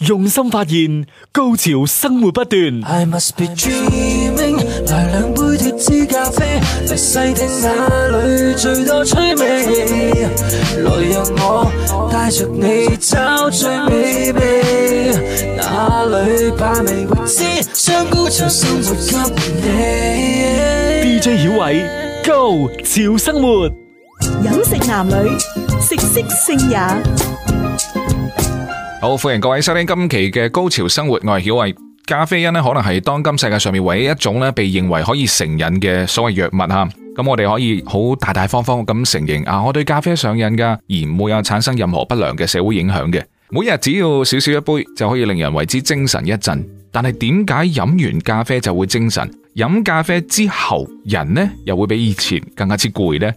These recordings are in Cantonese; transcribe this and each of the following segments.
用心發現，高潮生活不斷。I must be dreaming，來兩杯脫脂咖啡，細聽那裏最多趣味。來讓我帶着你找最美味，哪裏把味未知，將高潮生活給你。DJ 小偉，Go 潮生活，飲食男女，食色性也。好，歡迎各位收聽今期嘅《高潮生活》，我係曉慧。咖啡因呢可能係當今世界上面唯一一種呢，被認為可以成癮嘅所謂藥物啊。咁、嗯、我哋可以好大大方方咁承認啊，我對咖啡上癮噶，而唔會有產生任何不良嘅社會影響嘅。每日只要少少一杯就可以令人為之精神一振。但係點解飲完咖啡就會精神？飲咖啡之後人呢又會比以前更加之攰呢？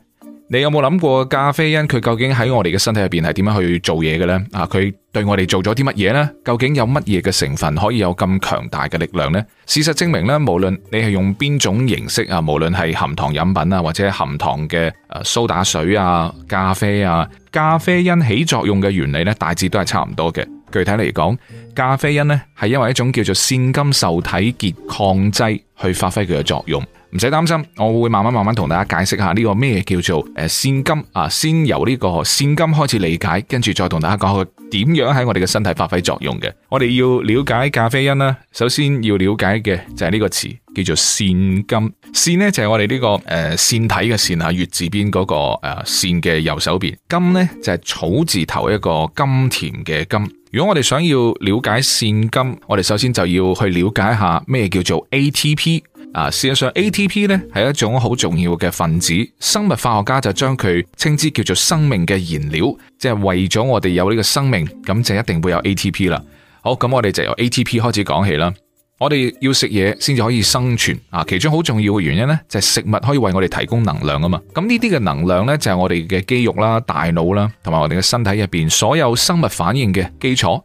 你有冇諗過咖啡因佢究竟喺我哋嘅身體入邊係點樣去做嘢嘅呢？啊，佢對我哋做咗啲乜嘢呢？究竟有乜嘢嘅成分可以有咁強大嘅力量呢？事實證明呢，無論你係用邊種形式啊，無論係含糖飲品啊，或者含糖嘅誒蘇打水啊、咖啡啊，咖啡因起作用嘅原理咧，大致都係差唔多嘅。具體嚟講，咖啡因咧係因為一種叫做腺苷受體拮抗劑去發揮佢嘅作用。唔使擔心，我會慢慢慢慢同大家解釋下呢個咩叫做誒腺苷啊，先由呢個腺苷開始理解，跟住再同大家講下點樣喺我哋嘅身體發揮作用嘅。我哋要了解咖啡因啦，首先要了解嘅就係呢個詞叫做腺苷。腺呢就係、是、我哋呢、這個誒腺、呃、體嘅腺啊，月字邊嗰個誒腺嘅右手邊。苷呢就係、是、草字頭一個甘甜嘅甘。如果我哋想要了解腺苷，我哋首先就要去了解下咩叫做 ATP。啊，事實上 ATP 呢係一種好重要嘅分子，生物化學家就將佢稱之叫做生命嘅燃料，即係為咗我哋有呢個生命，咁就一定會有 ATP 啦。好，咁我哋就由 ATP 開始講起啦。我哋要食嘢先至可以生存啊，其中好重要嘅原因呢，就係食物可以為我哋提供能量啊嘛。咁呢啲嘅能量呢，就係我哋嘅肌肉啦、大腦啦，同埋我哋嘅身體入邊所有生物反應嘅基礎。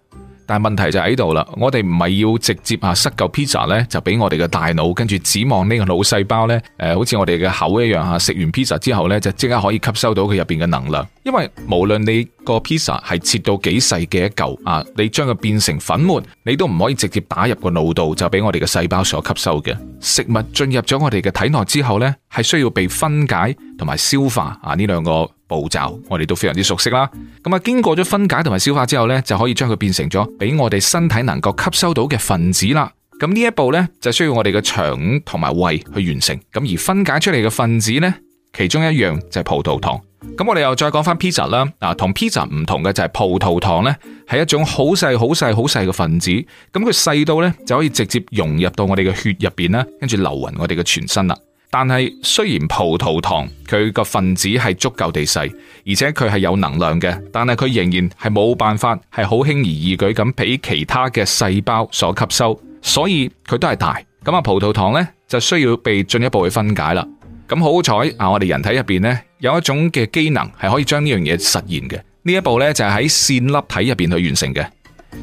但係問題就喺度啦，我哋唔係要直接啊，塞嚿 pizza 咧就畀我哋嘅大腦，跟住指望個細呢個腦細胞咧，誒、呃，好似我哋嘅口一樣吓，食完 pizza 之後咧就即刻可以吸收到佢入邊嘅能量。因為無論你個 pizza 係切到幾細嘅一嚿啊，你將佢變成粉末，你都唔可以直接打入個腦度，就俾我哋嘅細胞所吸收嘅。食物進入咗我哋嘅體內之後咧，係需要被分解同埋消化啊呢兩個步驟我哋都非常之熟悉啦，咁啊，經過咗分解同埋消化之後呢，就可以將佢變成咗俾我哋身體能夠吸收到嘅分子啦。咁呢一步呢，就需要我哋嘅腸同埋胃去完成。咁而分解出嚟嘅分子呢，其中一樣就係葡萄糖。咁我哋又再講翻 pizza 啦，啊同 pizza 唔同嘅就係葡萄糖呢，係一種好細好細好細嘅分子。咁佢細到呢，就可以直接融入到我哋嘅血入邊啦，跟住流勻我哋嘅全身啦。但係雖然葡萄糖佢個分子係足夠地細，而且佢係有能量嘅，但係佢仍然係冇辦法係好輕而易舉咁俾其他嘅細胞所吸收，所以佢都係大。咁啊，葡萄糖呢就需要被進一步去分解啦。咁好彩啊，我哋人體入邊呢有一種嘅機能係可以將呢樣嘢實現嘅，呢一步呢就係喺線粒體入邊去完成嘅。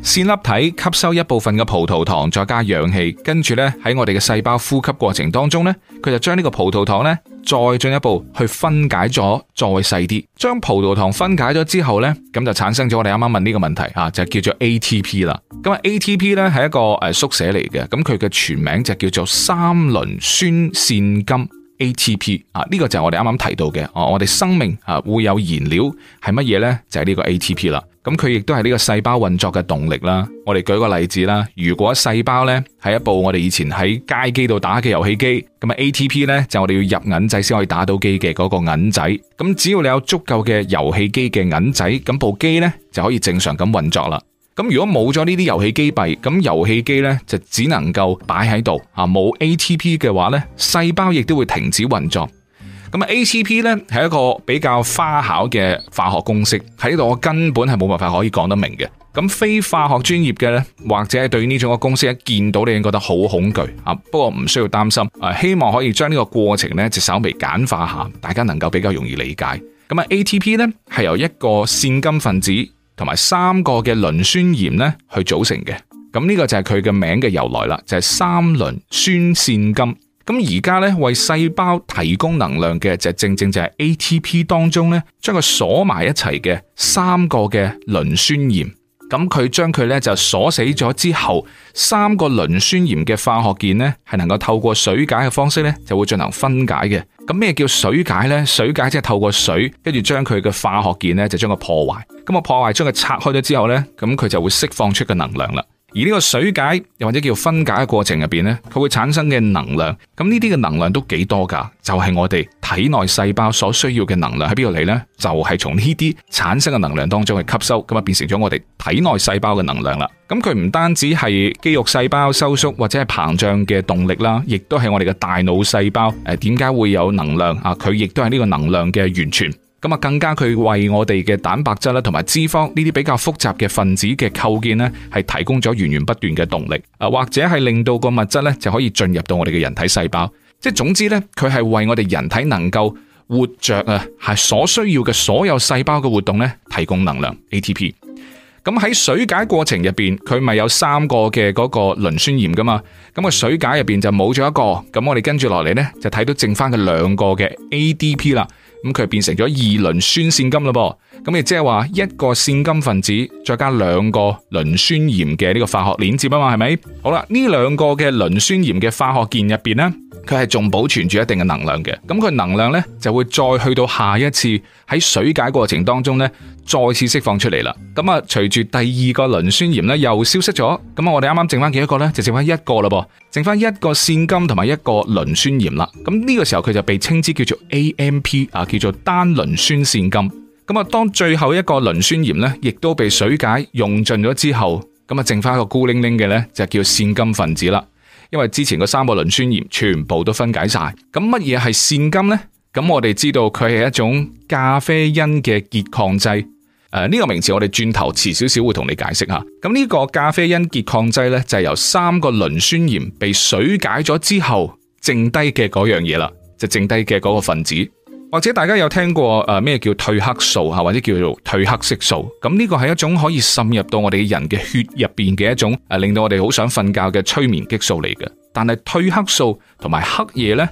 線粒體吸收一部分嘅葡萄糖，再加氧氣，跟住呢，喺我哋嘅細胞呼吸過程當中呢，佢就將呢個葡萄糖呢，再進一步去分解咗，再細啲，將葡萄糖分解咗之後呢，咁就產生咗我哋啱啱問呢個問題啊，就叫做 ATP 啦。咁 ATP 呢係一個誒縮寫嚟嘅，咁佢嘅全名就叫做三磷酸腺苷 ATP 啊，呢、這個就係我哋啱啱提到嘅哦，我哋生命啊會有燃料係乜嘢呢？就係、是、呢個 ATP 啦。咁佢亦都係呢個細胞運作嘅動力啦。我哋舉個例子啦，如果細胞呢係一部我哋以前喺街機度打嘅遊戲機，咁啊 ATP 呢，就我哋要入銀仔先可以打到機嘅嗰個銀仔。咁只要你有足夠嘅遊戲機嘅銀仔，咁部機呢就可以正常咁運作啦。咁如果冇咗呢啲遊戲機幣，咁遊戲機呢就只能夠擺喺度啊，冇 ATP 嘅話呢，細胞亦都會停止運作。咁 ATP 咧係一個比較花巧嘅化學公式，喺呢度我根本係冇辦法可以講得明嘅。咁非化學專業嘅呢，或者對呢種嘅公式一見到你已經覺得好恐懼啊，不過唔需要擔心。誒，希望可以將呢個過程呢就稍微簡化下，大家能夠比較容易理解。咁啊，ATP 咧係由一個腺苷分子同埋三個嘅磷酸鹽咧去組成嘅。咁呢個就係佢嘅名嘅由來啦，就係、是、三磷酸腺苷。咁而家咧為細胞提供能量嘅就是、正正就係 ATP 當中咧將佢鎖埋一齊嘅三個嘅磷酸鹽，咁佢將佢咧就鎖死咗之後，三個磷酸鹽嘅化學鍵咧係能夠透過水解嘅方式咧就會進行分解嘅。咁咩叫水解咧？水解即係透過水跟住將佢嘅化學鍵咧就將佢破壞。咁啊破壞將佢拆開咗之後咧，咁佢就會釋放出個能量啦。而呢個水解又或者叫分解嘅過程入邊呢，佢會產生嘅能量，咁呢啲嘅能量都幾多㗎？就係、是、我哋體內細胞所需要嘅能量喺邊度嚟咧？就係、是、從呢啲產生嘅能量當中去吸收，咁啊變成咗我哋體內細胞嘅能量啦。咁佢唔單止係肌肉細胞收縮或者係膨脹嘅動力啦，亦都係我哋嘅大腦細胞誒，點解會有能量啊？佢亦都係呢個能量嘅源泉。咁啊，更加佢為我哋嘅蛋白質啦，同埋脂肪呢啲比較複雜嘅分子嘅構建咧，係提供咗源源不斷嘅動力，啊或者係令到個物質咧就可以進入到我哋嘅人體細胞。即係總之咧，佢係為我哋人體能夠活着啊，係所需要嘅所有細胞嘅活動咧提供能量 ATP。咁喺水解過程入邊，佢咪有三個嘅嗰個磷酸鹽噶嘛？咁個水解入邊就冇咗一個，咁我哋跟住落嚟呢，就睇到剩翻嘅兩個嘅 ADP 啦。咁佢變成咗二磷酸腺苷嘞噃，咁亦即係話一個腺苷分子再加兩個磷酸鹽嘅呢個化學連接啊嘛，係咪？好啦，呢兩個嘅磷酸鹽嘅化學鍵入邊呢，佢係仲保存住一定嘅能量嘅，咁佢能量呢，就會再去到下一次喺水解過程當中呢。再次釋放出嚟啦，咁啊，隨住第二個磷酸鹽呢又消失咗，咁啊，我哋啱啱剩翻幾多個呢？就剩翻一個咯噃，剩翻一個腺苷同埋一個磷酸鹽啦。咁、這、呢個時候佢就被稱之叫做 AMP 啊，叫做單磷酸腺苷。咁啊，當最後一個磷酸鹽呢亦都被水解用盡咗之後，咁啊，剩翻一個孤零零嘅呢，就叫腺苷分子啦。因為之前個三個磷酸鹽全部都分解晒，咁乜嘢係腺苷呢？咁我哋知道佢係一種咖啡因嘅拮抗劑，誒呢個名詞我哋轉頭遲少少會同你解釋吓。咁呢個咖啡因拮抗劑呢，就係由三個磷酸鹽被水解咗之後剩低嘅嗰樣嘢啦，就剩低嘅嗰個分子。或者大家有聽過誒咩叫褪黑素吓，或者叫做褪黑色素。咁呢個係一種可以滲入到我哋人嘅血入邊嘅一種誒，令到我哋好想瞓覺嘅催眠激素嚟嘅。但係褪黑素同埋黑夜呢。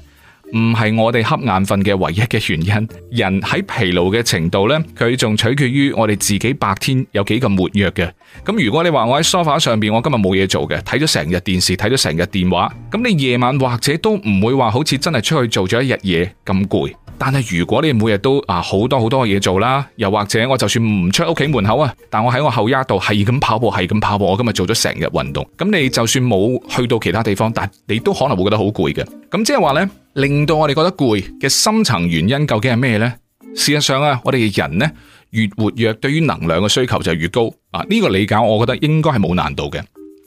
唔係我哋瞌眼瞓嘅唯一嘅原因，人喺疲勞嘅程度咧，佢仲取決於我哋自己白天有幾咁活躍嘅。咁如果你話我喺 sofa 上邊，我今日冇嘢做嘅，睇咗成日電視，睇咗成日電話，咁你夜晚或者都唔會話好似真係出去做咗一日嘢咁攰。但係如果你每日都啊好多好多嘢做啦，又或者我就算唔出屋企門口啊，但我喺我後 yard 度係咁跑步，係咁跑步，我今日做咗成日運動。咁你就算冇去到其他地方，但你都可能會覺得好攰嘅。咁即係話呢，令到我哋覺得攰嘅深層原因究竟係咩呢？事實上啊，我哋嘅人呢，越活躍，對於能量嘅需求就越高啊。呢個理解我覺得應該係冇難度嘅。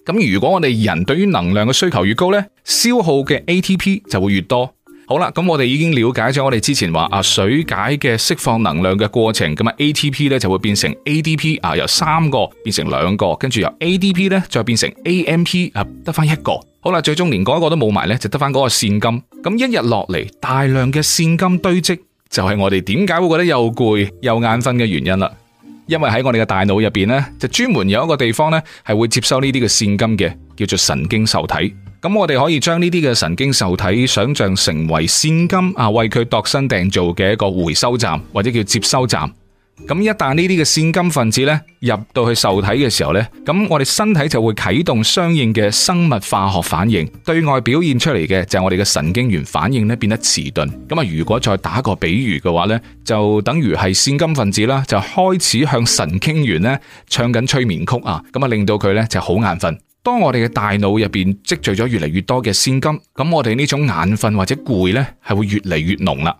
咁如果我哋人對於能量嘅需求越高呢，消耗嘅 ATP 就會越多。好啦，咁我哋已經了解咗我哋之前話啊水解嘅釋放能量嘅過程，咁啊 ATP 咧，就會變成 ADP 啊，由三個變成兩個，跟住由 ADP 咧再變成 AMP 啊得翻一個。好啦，最終連嗰一個都冇埋咧，就得翻嗰個腺苷。咁一日落嚟大量嘅腺苷堆積，就係、是、我哋點解會覺得又攰又眼瞓嘅原因啦。因為喺我哋嘅大腦入邊呢，就專門有一個地方呢，係會接收呢啲嘅腺苷嘅，叫做神經受體。咁我哋可以將呢啲嘅神經受體想象成為腺苷啊，為佢度身訂造嘅一個回收站或者叫接收站。咁一旦呢啲嘅腺苷分子咧入到去受體嘅時候呢，咁我哋身體就會啟動相應嘅生物化學反應，對外表現出嚟嘅就係我哋嘅神經元反應咧變得遲鈍。咁啊，如果再打個比喻嘅話呢，就等於係腺苷分子啦，就開始向神經元咧唱緊催眠曲啊，咁啊令到佢呢就好眼瞓。當我哋嘅大腦入邊積聚咗越嚟越多嘅腺金，咁我哋呢種眼瞓或者攰呢係會越嚟越濃啦。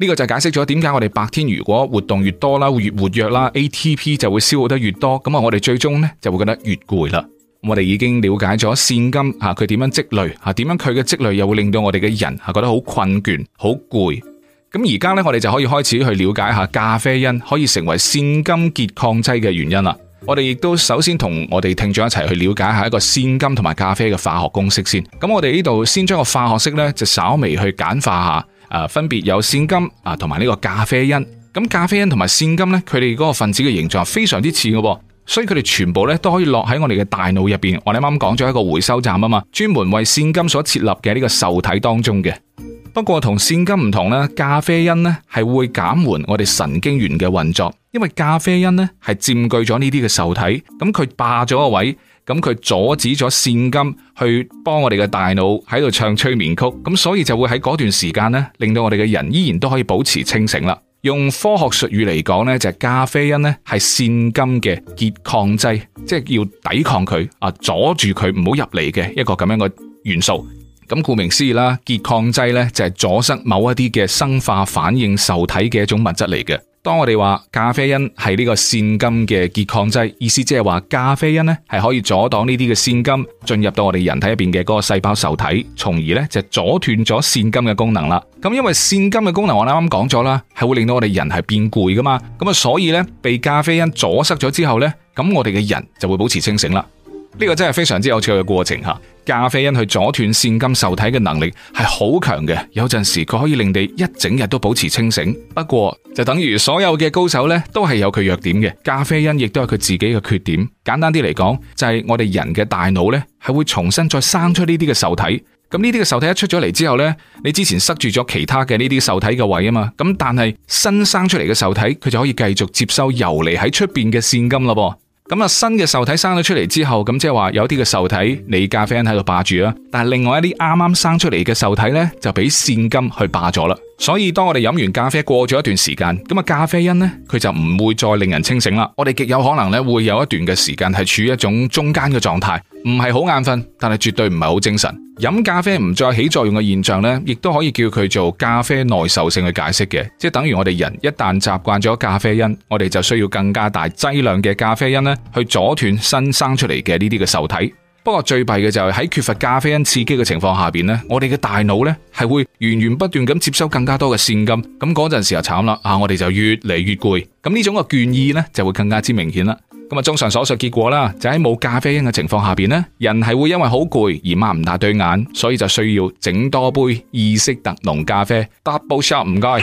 呢個就解釋咗點解我哋白天如果活動越多啦，會越活躍啦，ATP 就會消耗得越多，咁啊，我哋最終呢就會覺得越攰啦。我哋已經了解咗腺金吓佢點樣積累吓，點樣佢嘅積累又會令到我哋嘅人吓覺得好困倦、好攰。咁而家呢，我哋就可以開始去了解下咖啡因可以成為腺金拮抗劑嘅原因啦。我哋亦都首先同我哋聽眾一齊去了解一下一個腺苷同埋咖啡嘅化學公式先。咁我哋呢度先將個化學式呢，就稍微去簡化下。誒、呃，分別有腺苷啊同埋呢個咖啡因。咁咖啡因同埋腺苷呢，佢哋嗰個分子嘅形狀非常之似嘅，哦，所以佢哋全部呢都可以落喺我哋嘅大腦入邊。我哋啱啱講咗一個回收站啊嘛，專門為腺苷所設立嘅呢個受體當中嘅。不過同腺金唔同咧，咖啡因咧係會減緩我哋神經元嘅運作，因為咖啡因咧係佔據咗呢啲嘅受體，咁佢霸咗個位，咁佢阻止咗腺金去幫我哋嘅大腦喺度唱催眠曲，咁所以就會喺嗰段時間咧，令到我哋嘅人依然都可以保持清醒啦。用科學術語嚟講咧，就係咖啡因咧係腺金嘅拮抗劑，即係要抵抗佢啊，阻住佢唔好入嚟嘅一個咁樣嘅元素。咁顧名思義啦，拮抗劑咧就係阻塞某一啲嘅生化反應受體嘅一種物質嚟嘅。當我哋話咖啡因係呢個腺苷嘅拮抗劑，意思即係話咖啡因咧係可以阻擋呢啲嘅腺苷進入到我哋人體入邊嘅嗰個細胞受體，從而咧就阻斷咗腺苷嘅功能啦。咁因為腺苷嘅功能我啱啱講咗啦，係會令到我哋人係變攰噶嘛。咁啊，所以咧被咖啡因阻塞咗之後咧，咁我哋嘅人就會保持清醒啦。呢個真係非常之有趣嘅過程吓，咖啡因去阻斷腺苷受體嘅能力係好強嘅，有陣時佢可以令你一整日都保持清醒。不過就等於所有嘅高手呢，都係有佢弱點嘅。咖啡因亦都係佢自己嘅缺點。簡單啲嚟講，就係、是、我哋人嘅大腦呢，係會重新再生出呢啲嘅受體。咁呢啲嘅受體一出咗嚟之後呢，你之前塞住咗其他嘅呢啲受體嘅位啊嘛，咁但係新生出嚟嘅受體，佢就可以繼續接收游離喺出邊嘅腺苷啦噃。咁啊，新嘅受體生咗出嚟之後，咁即係話有啲嘅受體你咖啡因喺度霸住啦，但係另外一啲啱啱生出嚟嘅受體咧，就俾腺苷去霸咗啦。所以當我哋飲完咖啡過咗一段時間，咁啊咖啡因呢，佢就唔會再令人清醒啦。我哋極有可能咧，會有一段嘅時間係處於一種中間嘅狀態，唔係好眼瞓，但係絕對唔係好精神。飲咖啡唔再起作用嘅現象呢，亦都可以叫佢做咖啡耐受性嘅解釋嘅，即等於我哋人一旦習慣咗咖啡因，我哋就需要更加大劑量嘅咖啡因呢，去阻斷新生出嚟嘅呢啲嘅受體。不過最弊嘅就係喺缺乏咖啡因刺激嘅情況下邊呢，我哋嘅大腦呢係會源源不斷咁接收更加多嘅現金，咁嗰陣時就慘啦啊！我哋就越嚟越攰，咁呢種嘅倦意呢就會更加之明顯啦。咁啊，綜上所述，結果啦就喺冇咖啡因嘅情況下邊呢，人係會因為好攰而擘唔大對眼，所以就需要整多杯意式特濃咖啡。double shot，唔該。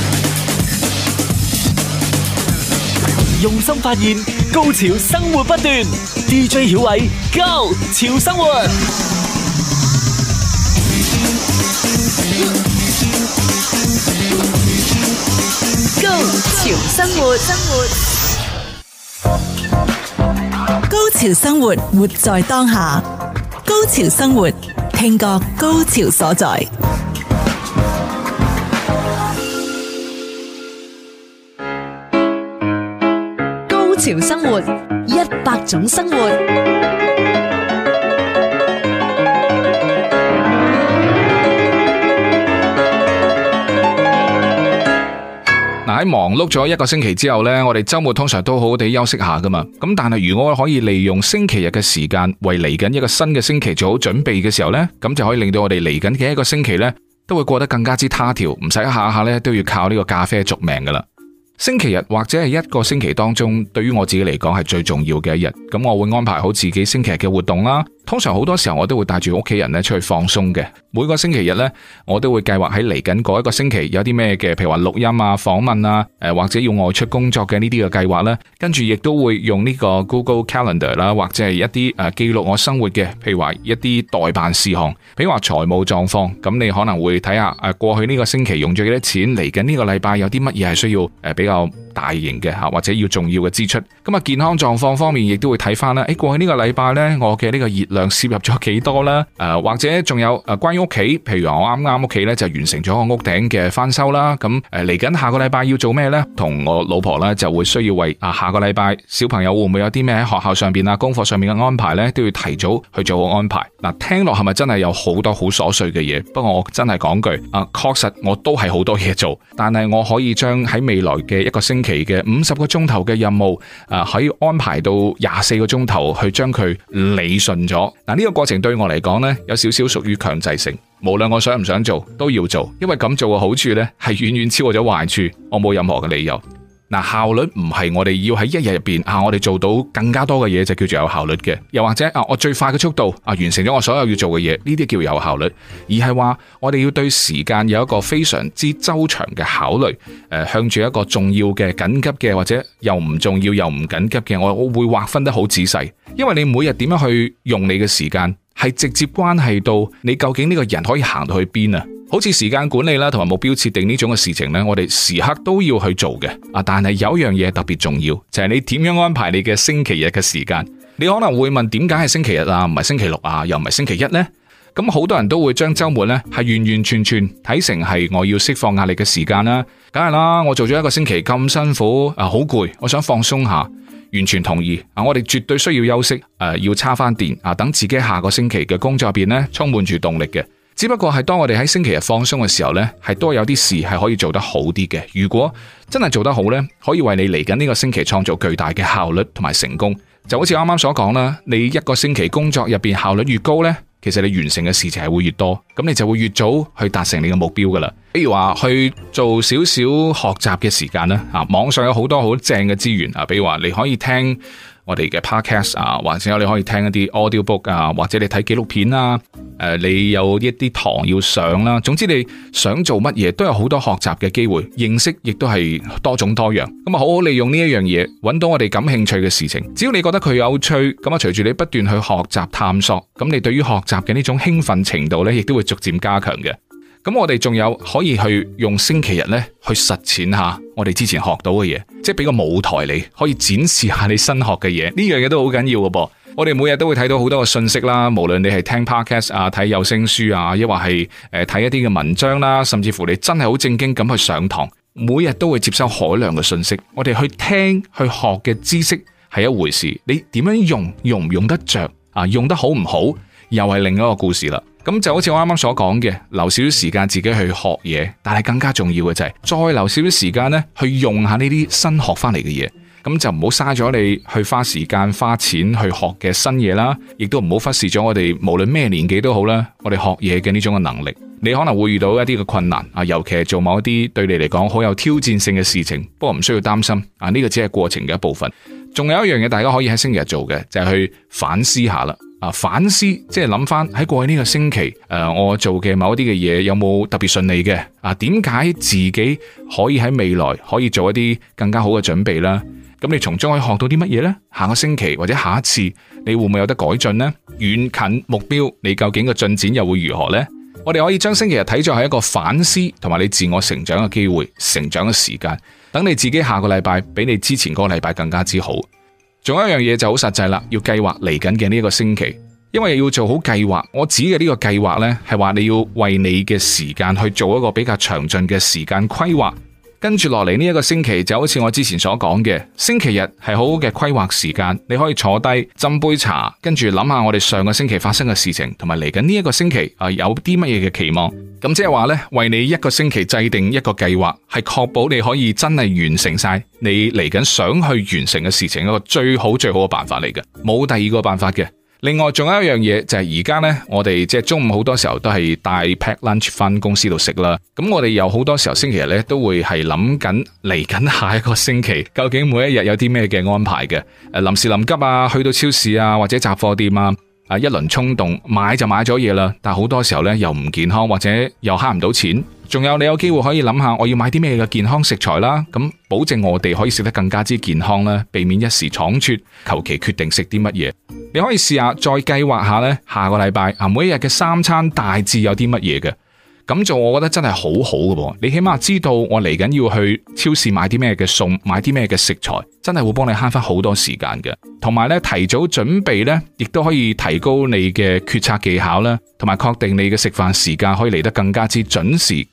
用心發現高潮生活不斷，DJ 曉偉高潮生活高潮生活生活，高潮生活活在當下，高潮生活聽覺高潮所在。潮生活，一百種生活。嗱，喺忙碌咗一個星期之後呢，我哋周末通常都好好地休息下噶嘛。咁但係如果可以利用星期日嘅時間，為嚟緊一個新嘅星期做好準備嘅時候呢，咁就可以令到我哋嚟緊嘅一個星期呢，都會過得更加之他條，唔使下下呢都要靠呢個咖啡續命噶啦。星期日或者係一個星期當中，對於我自己嚟講係最重要嘅一日，咁我會安排好自己星期日嘅活動啦。通常好多時候我都會帶住屋企人咧，出去放鬆嘅。每個星期日呢，我都會計劃喺嚟緊嗰一個星期有啲咩嘅，譬如話錄音啊、訪問啊，誒或者要外出工作嘅呢啲嘅計劃呢。跟住亦都會用呢個 Google Calendar 啦，或者係一啲誒記錄我生活嘅，譬如話一啲代辦事項，比如話財務狀況，咁你可能會睇下誒過去呢個星期用咗幾多錢，嚟緊呢個禮拜有啲乜嘢係需要誒比較。大型嘅嚇，或者要重要嘅支出。咁啊，健康狀況方面亦都會睇翻啦。誒，過去呢個禮拜咧，我嘅呢個熱量攝入咗幾多啦？誒，或者仲有誒，關於屋企，譬如我啱啱屋企咧就完成咗個屋頂嘅翻修啦。咁誒，嚟緊下個禮拜要做咩咧？同我老婆咧就會需要為啊下個禮拜小朋友會唔會有啲咩喺學校上邊啊功課上面嘅安排咧，都要提早去做個安排。嗱，聽落係咪真係有好多好瑣碎嘅嘢？不過我真係講句，啊，確實我都係好多嘢做，但係我可以將喺未來嘅一個星。期嘅五十個鐘頭嘅任務，啊，可以安排到廿四個鐘頭去將佢理順咗。嗱，呢個過程對我嚟講呢，有少少屬於強制性，無論我想唔想做都要做，因為咁做嘅好處呢係遠遠超過咗壞處，我冇任何嘅理由。嗱，效率唔係我哋要喺一日入邊啊，我哋做到更加多嘅嘢就叫做有效率嘅。又或者啊，我最快嘅速度啊，完成咗我所有要做嘅嘢，呢啲叫有效率。而係話我哋要對時間有一個非常之周長嘅考慮。誒、呃，向住一個重要嘅緊急嘅或者又唔重要又唔緊急嘅，我我會劃分得好仔細。因為你每日點樣去用你嘅時間，係直接關係到你究竟呢個人可以行到去邊啊！好似時間管理啦，同埋目標設定呢種嘅事情呢，我哋時刻都要去做嘅啊！但係有一樣嘢特別重要，就係你點樣安排你嘅星期日嘅時間？你可能會問，點解係星期日啊，唔係星期六啊，又唔係星期一呢？咁好多人都會將周末呢係完完全全睇成係我要釋放壓力嘅時間啦，梗係啦，我做咗一個星期咁辛苦啊，好攰，我想放鬆下，完全同意啊！我哋絕對需要休息誒，要插翻電啊，等自己下個星期嘅工作入邊呢充滿住動力嘅。只不過係當我哋喺星期日放鬆嘅時候呢，係多有啲事係可以做得好啲嘅。如果真係做得好呢，可以為你嚟緊呢個星期創造巨大嘅效率同埋成功。就好似啱啱所講啦，你一個星期工作入邊效率越高呢，其實你完成嘅事情係會越多，咁你就會越早去達成你嘅目標噶啦。比如話去做少少學習嘅時間啦，啊，網上有好多好正嘅資源啊，比如話你可以聽。我哋嘅 podcast 啊，或者你可以聽一啲 audiobook 啊，或者你睇紀錄片啊。誒，你有一啲堂要上啦，總之你想做乜嘢都有好多學習嘅機會，認識亦都係多種多樣。咁啊，好好利用呢一樣嘢，揾到我哋感興趣嘅事情。只要你覺得佢有趣，咁啊，隨住你不斷去學習探索，咁你對於學習嘅呢種興奮程度呢，亦都會逐漸加強嘅。咁我哋仲有可以去用星期日呢，去實踐下我哋之前學到嘅嘢，即係俾個舞台你，可以展示下你新學嘅嘢，呢樣嘢都好緊要嘅噃。我哋每日都會睇到好多嘅信息啦，無論你係聽 podcast 啊、睇有聲書啊，抑或係誒睇一啲嘅文章啦，甚至乎你真係好正經咁去上堂，每日都會接收海量嘅信息。我哋去聽去學嘅知識係一回事，你點樣用，用唔用得着啊？用得好唔好，又係另一個故事啦。咁就好似我啱啱所講嘅，留少少時間自己去學嘢，但係更加重要嘅就係再留少少時間咧，去用下呢啲新學翻嚟嘅嘢。咁就唔好嘥咗你去花時間、花錢去學嘅新嘢啦，亦都唔好忽視咗我哋無論咩年紀都好啦，我哋學嘢嘅呢種嘅能力。你可能會遇到一啲嘅困難啊，尤其係做某一啲對你嚟講好有挑戰性嘅事情，不過唔需要擔心啊。呢個只係過程嘅一部分。仲有一樣嘢大家可以喺星期日做嘅，就係去反思下啦。啊！反思即係諗翻喺過去呢個星期，誒、呃，我做嘅某一啲嘅嘢有冇特別順利嘅？啊，點解自己可以喺未來可以做一啲更加好嘅準備啦？咁你從中可以學到啲乜嘢呢？下個星期或者下一次你會唔會有得改進呢？遠近目標你究竟嘅進展又會如何呢？我哋可以將星期日睇作係一個反思同埋你自我成長嘅機會、成長嘅時間，等你自己下個禮拜比你之前嗰個禮拜更加之好。仲有一樣嘢就好實際啦，要計劃嚟緊嘅呢一個星期，因為要做好計劃。我指嘅呢個計劃呢，係話你要為你嘅時間去做一個比較詳盡嘅時間規劃。跟住落嚟呢一個星期就好似我之前所講嘅，星期日係好好嘅規劃時間，你可以坐低斟杯茶，跟住諗下我哋上個星期發生嘅事情，同埋嚟緊呢一個星期、呃、有啲乜嘢嘅期望。咁即係話呢，為你一個星期制定一個計劃，係確保你可以真係完成晒你嚟緊想去完成嘅事情一個最好最好嘅辦法嚟嘅，冇第二個辦法嘅。另外仲有一樣嘢就係而家呢，我哋即係中午好多時候都係帶 pack lunch 翻公司度食啦。咁我哋有好多時候星期日呢，都會係諗緊嚟緊下一個星期究竟每一日有啲咩嘅安排嘅？誒、呃、臨時臨急啊，去到超市啊或者雜貨店啊啊一輪衝動買就買咗嘢啦。但好多時候呢，又唔健康或者又慳唔到錢。仲有你有機會可以諗下，我要買啲咩嘅健康食材啦。咁保證我哋可以食得更加之健康啦，避免一時倉促求其決定食啲乜嘢。你可以試下，再計劃下呢，下個禮拜啊，每一日嘅三餐大致有啲乜嘢嘅，咁做我覺得真係好好嘅噃。你起碼知道我嚟緊要去超市買啲咩嘅餸，買啲咩嘅食材，真係會幫你慳翻好多時間嘅。同埋呢，提早準備呢亦都可以提高你嘅決策技巧啦，同埋確定你嘅食飯時間可以嚟得更加之準時。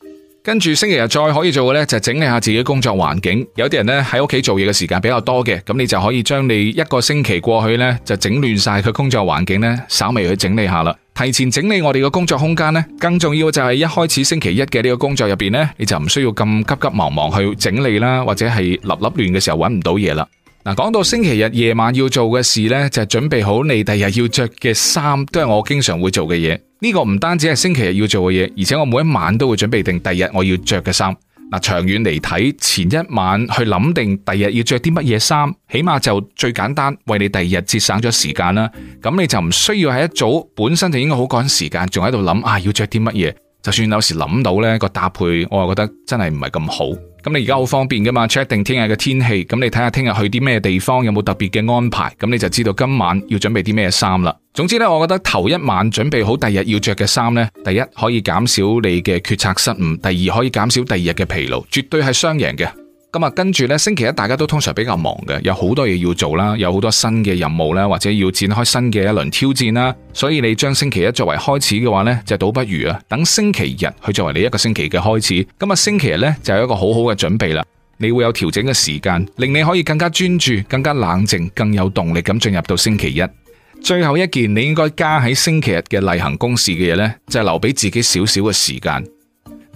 跟住星期日再可以做嘅咧，就整理下自己工作環境。有啲人咧，喺屋企做嘢嘅時間比較多嘅，咁你就可以將你一個星期過去咧，就整亂晒佢工作環境咧，稍微去整理下啦。提前整理我哋嘅工作空間咧，更重要嘅就係一開始星期一嘅呢個工作入邊咧，你就唔需要咁急急忙忙去整理啦，或者係立立亂嘅時候揾唔到嘢啦。嗱，講到星期日夜晚要做嘅事呢，就係準備好你第日要着嘅衫，都係我經常會做嘅嘢。呢個唔單止係星期日要做嘅嘢，而且我每一晚都會準備定第日我要着嘅衫。嗱，長遠嚟睇，前一晚去諗定第日要着啲乜嘢衫，起碼就最簡單，為你第二日節省咗時間啦。咁你就唔需要喺一早本身就應該好趕時間，仲喺度諗啊要着啲乜嘢。就算有時諗到呢個搭配，我又覺得真係唔係咁好。咁你而家好方便㗎嘛？check 定聽日嘅天氣，咁你睇下聽日去啲咩地方，有冇特別嘅安排，咁你就知道今晚要準備啲咩衫喇。總之呢，我覺得頭一晚準備好第二日要着嘅衫呢，第一可以減少你嘅決策失誤，第二可以減少第二日嘅疲勞，絕對係雙贏嘅。咁啊，跟住呢，星期一大家都通常比較忙嘅，有好多嘢要做啦，有好多新嘅任務啦，或者要展開新嘅一輪挑戰啦，所以你將星期一作為開始嘅話呢，就是、倒不如啊，等星期日去作為你一個星期嘅開始。咁啊，星期日呢，就有一個好好嘅準備啦，你會有調整嘅時間，令你可以更加專注、更加冷靜、更有動力咁進入到星期一。最後一件你應該加喺星期日嘅例行公事嘅嘢呢，就係、是、留俾自己少少嘅時間。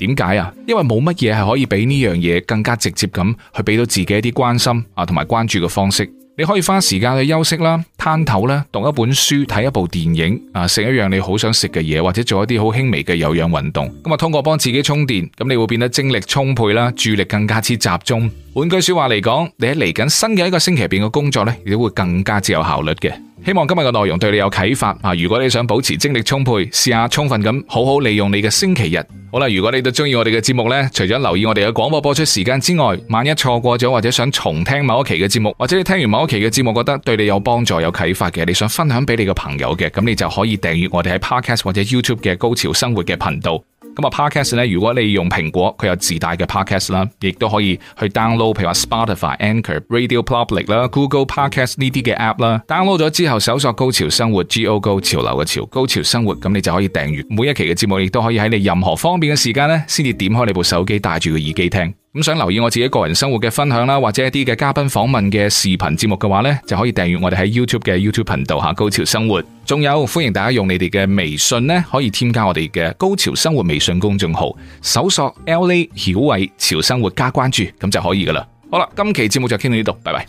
點解啊？因為冇乜嘢係可以俾呢樣嘢更加直接咁去俾到自己一啲關心啊，同埋關注嘅方式。你可以花時間去休息啦、攤頭啦、讀一本書、睇一部電影啊、食一樣你好想食嘅嘢，或者做一啲好輕微嘅有氧運動。咁啊，通過幫自己充電，咁你會變得精力充沛啦，注意力更加之集中。換句說話嚟講，你喺嚟緊新嘅一個星期入邊嘅工作呢，亦都會更加之有效率嘅。希望今日嘅內容對你有啟發啊！如果你想保持精力充沛，試下充分咁好好利用你嘅星期日。好啦，如果你都中意我哋嘅節目呢，除咗留意我哋嘅廣播播出時間之外，萬一錯過咗或者想重聽某一期嘅節目，或者你聽完某一期嘅節目覺得對你有幫助、有啟發嘅，你想分享俾你嘅朋友嘅，咁你就可以訂閱我哋喺 Podcast 或者 YouTube 嘅《高潮生活》嘅頻道。咁啊，Podcast 呢，如果你用蘋果，佢有自帶嘅 Podcast 啦，亦都可以去 download，譬如話 Spotify、Anchor、Radio Public 啦、Google Podcast 呢啲嘅 app 啦，download 咗之後，搜索高潮生活 Go Go 潮流嘅潮，高潮生活，咁你就可以訂閱，每一期嘅節目，你都可以喺你任何方便嘅時間呢，先至點開你部手機，戴住個耳機聽。咁想留意我自己個人生活嘅分享啦，或者一啲嘅嘉賓訪問嘅視頻節目嘅話呢，就可以訂閱我哋喺 YouTube 嘅 YouTube 頻道吓，高潮生活。仲有歡迎大家用你哋嘅微信呢，可以添加我哋嘅高潮生活微信公眾號，搜索 LA 曉慧潮生活加關注，咁就可以噶啦。好啦，今期節目就傾到呢度，拜拜。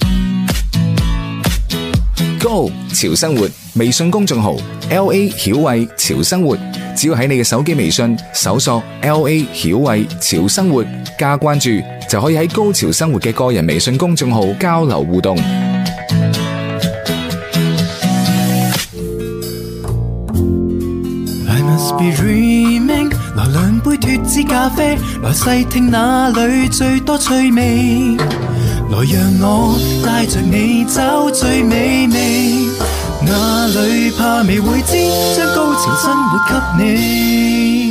Go 潮生活微信公眾號，LA 曉慧潮生活。只要喺你嘅手機微信搜索 L A 曉慧潮生活加關注，就可以喺高潮生活嘅個人微信公眾號交流互動。I must be dreaming，來兩杯脫脂咖啡，來細聽哪裏最多趣味，來讓我帶着你找最美味。哪裏怕未會知，將高潮生活給你。